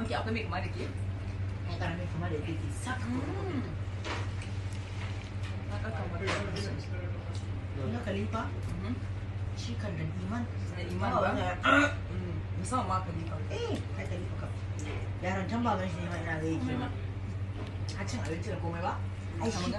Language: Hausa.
Okey, apa make kemar lagi? Saya akan ambil kemar lagi. Sak. Hmm. Maka kemar lagi. Ina dan Iman. Dan Iman hmm. ma Khalifa. Eh, ka. Yaran can baban shi ne ma ina ga yake. A cin abinci da komai ba?